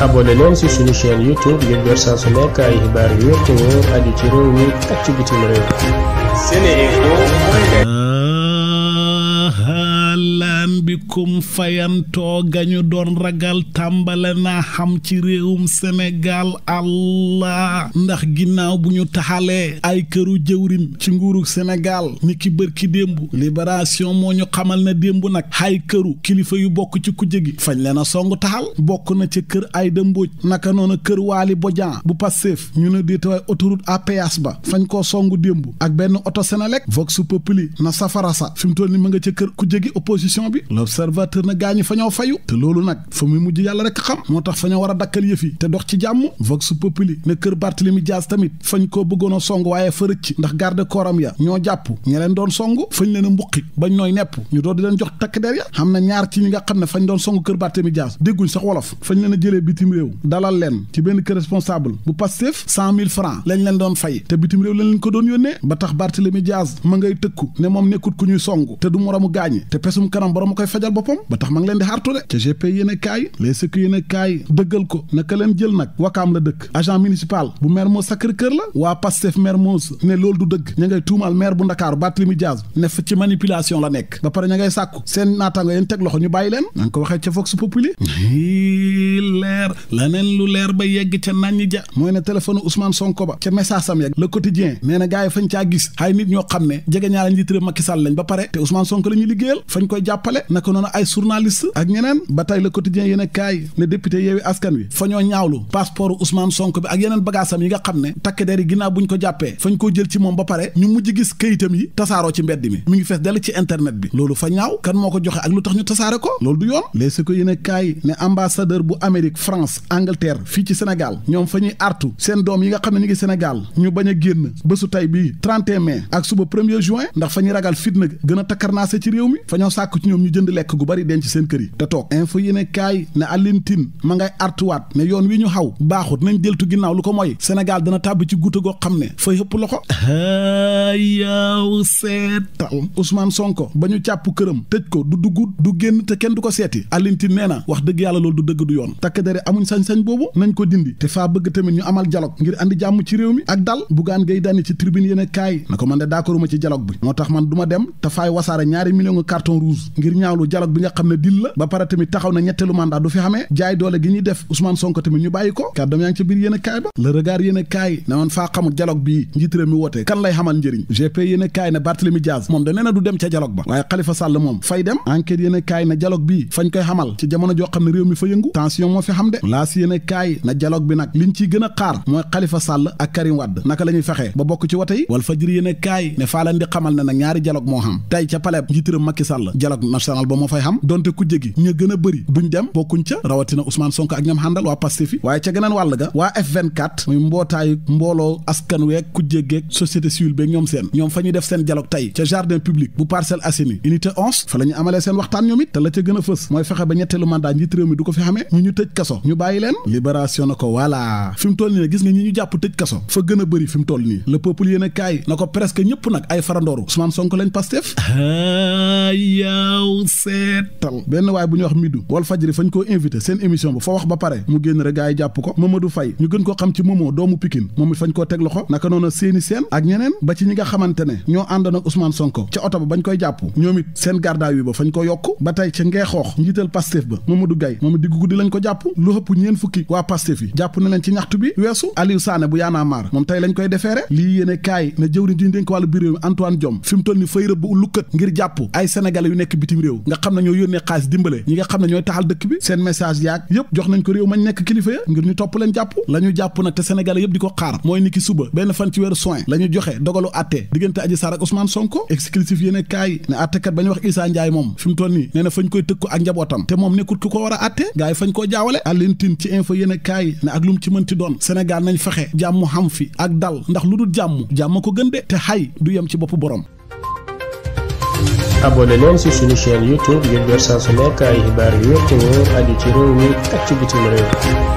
abonné leen ci suñu chaîne YouTube ngir jot saa su nekk ay xibaar yu wér te wóor ci réew mi ci bitim ñàkkum fayantoo gañu doon ragal tàmbale naa xam ci réewum Sénégal allah ndax ginnaaw bu ñu taxalee ay këru jëwrin ci nguurug senegaal ni ki bërki démb libération moo ñu xamal na démb nag ay këru kilifa yu bokk ci kujje gi fañ leen a song taxal bokk na ca kër Ayda Mbóoj naka noonu kër Waali Bodian bu Pastef ñu ne déetawaay autoroute à péage ba fañ koo songu démb ak benn oto Senelec vox populi na safara sa fi mu toll ca kër kujje gi opposition l'observateur na gaañu fa ñoo fayu te loolu moo tax fa a dakkal yëf yi te dox ci jàmm vox populi ne kër Barthélemy Dias tamit fañ koo bëggoon a song waaye fa rëcc ndax garde kooram ya ñoo jàpp ña leen doon song fañ leen a mbuqi bañ nooy nepp ñu doon di leen jox takk der na ñaar ci ñi nga xam ne fañ doon song kër Barthélemy Dias dégguñ sax wolof fañ leen a jëlee bitim dalal leen ci benn kër responsable bu Pastef cent mille francs lañ leen doon fay te bitim réew lañ leen ko doon yónnee ba tax Barthélemy Dias ma ngay tëkku ne moom nekkut ku ñuy song te du moromu gaañe te pesum kanam borom koy fajal boppam ba tax ma ngi leen di xartu de ca gp yéen a kaay les secu yéen kaay dëggal ko naka leen jël nag wakaam la dëkk agent municipal bu Mermoz Sacré-Cœur la waa Pastef Mermoz ne loolu du dëgg ña ngay tuumaal maire bu Ndakaaru Barthélémy Dias ne fa ci manipulation la nekk ba pare ña ngay sàkku seen naataango yéen teg loxo ñu bàyyi leen na nga ko waxee ca Vox Populi leer laneen lu leer ba yegg ca nañ ja mooy ne téléphone Ousmane Sonko ba ca message sam yegg le quotidien nee na gars yi fañ caa gis ay nit pare te Ousmane Sonko la ñuy liggéeyal fañ koy jàppale noonu ay journaliste ak ñeneen ba tey le quotidien yéen a kaay ne député yeewi askan wi fa ñoo ñaawlu passeport usmaan Sonko bi ak yeneen bagaasam yi nga xam ne takk der yi ginnaaw bu ñu ko jàppee fañ ko jël ci moom ba pare ñu mujj gis këyitam yi tasaaroo ci mbedd mi mu ngi fees dell ci internet bi loolu fa ñaaw kan moo ko joxe ak lu tax ñu tasaare ko loolu du yoon les si ko yéen a kaay ne ambassadeur bu Amérique France Angleterre fii ci Sénégal ñoom fa ñuy artu seen doom yi nga xam ne ñu Sénégal ñu bañ a génn bésu tey bii 31 mai ak suba premier juin ndax fa ragal fitna gën a takkarnaase ci réew mi fa ñoo ci ñoom ñu jënd lekk lekk gu bari denc seen kër yi te toog info yéene kaay ne Alioune ma ngay artuwaat ne yoon wi ñu xaw baaxut nañ deltu ginnaaw lu ko mooy Sénégal dana tàbb ci guuta goo xam ne fay xëpp loxo ah, yaw seetal Ousmane Sonko ba ñu càpp këram tëj ko du dugg du génn te kenn du ko seeti Alioune nee na wax dëgg yàlla loolu du dëgg du yoon takk dere amuñ sañ-sañ boobu nañ ko dindi te faa bëgg tamit ñu amal dialogue ngir andi jàmm ci réew mi ak dal bugaan gay dani ci tribune yéene kaay na ko man de d'accorduma ci dialogue bi moo tax man du ma dem te dialogue ba pare tamit taxaw na ñetteelu mandat du fi xamee jaay doole gi ñuy def Ousmane Sonko tamit ñu bàyyi ko kàddoom yaa ngi ci biir yéen a kaay ba le regard a kaay ne woon faa xamul dialogue bi njiit mi woote kan lay xamal njëriñ GP yéen a kaay ne Barthélemy Diaz moom da nee du dem ca dialogue ba waaye Khalifa Sall moom fay dem enquête yéen a kaay ne dialogue bi fañ koy xamal ci jamono joo xam ne réew mi fa yëngu tension moo fi xam de laas yéen moo fa ñuy amalee seen waxtaan ñoom it te la ca gën fës mooy fexe ba ñetteelu mandat njiit du ko fi xamee ñu ñu tëj kaso ñu bàyyi leen libération na ko voilà fi mu nii gis nga ñi na ko presque ñëpp nag ay farandooru Ousmane Sonko lañ Pastef ah, seetal benn waaye bu ñuy wax midu wal fajri fañ koo invité seen émission ba fa wax ba pare mu génn rek gaa yi jàpp ko Mamadou Faye ñu gën koo xam ci Momo doomu Pikine moom it fañ koo teg loxo naka noonu seeni seen ak ñeneen ba ci ñi xamante ne ñoo àndoon ak Ousmane Sonko ca oto ba bañ koy jàpp ñoom it seen garda yu ba fañ ko yokk ba tey ca ngeexoox njiital Pastef ba Mamadou Gaye moom it diggu guddi lañ ko jàpp lu ëpp ñeen fukki waa Pastef yi jàpp na leen ci ñaxtu bi weesu Aliou Sané bu yaanaa maar moom tey lañ koy defeere lii yéene kaay ne jëwriñ ji ñu dénk wàllu yu nekk bitim réew nga xam na ñoo yónnee xaalis dimbale ñi nga xam ne ñooy taxal dëkk bi seen message yaag yëpp jox nañ ko réew mañ nekk kilifa ya ngir ñu topp leen jàpp la jàpp nag te sénégalais yëpp di ko xaar mooy ni ki suba benn fan ci weeru soin la joxe dogalu atte diggante Adji Sarr ak Ousmane Sonko exclusif yéene kaay ne attekat ba ñu wax Issa Ndiaye moom fi mu toll nii nee na fañ koy tëkku ak njabootam te moom nekkut ku ko war a atte gars yi fañ koo jaawale àllintin ci info yéene kaay ne ak mu ci mënti doon nañ fexe jàmm xam fi ak dal ndax lu dul jàmm jàmm ko gën te xay yem ci bopp abonné leen ci suñu chaîne YouTube ngir jot saa ay xibaar yu wér te wóor aju ci réew mi ak ci réew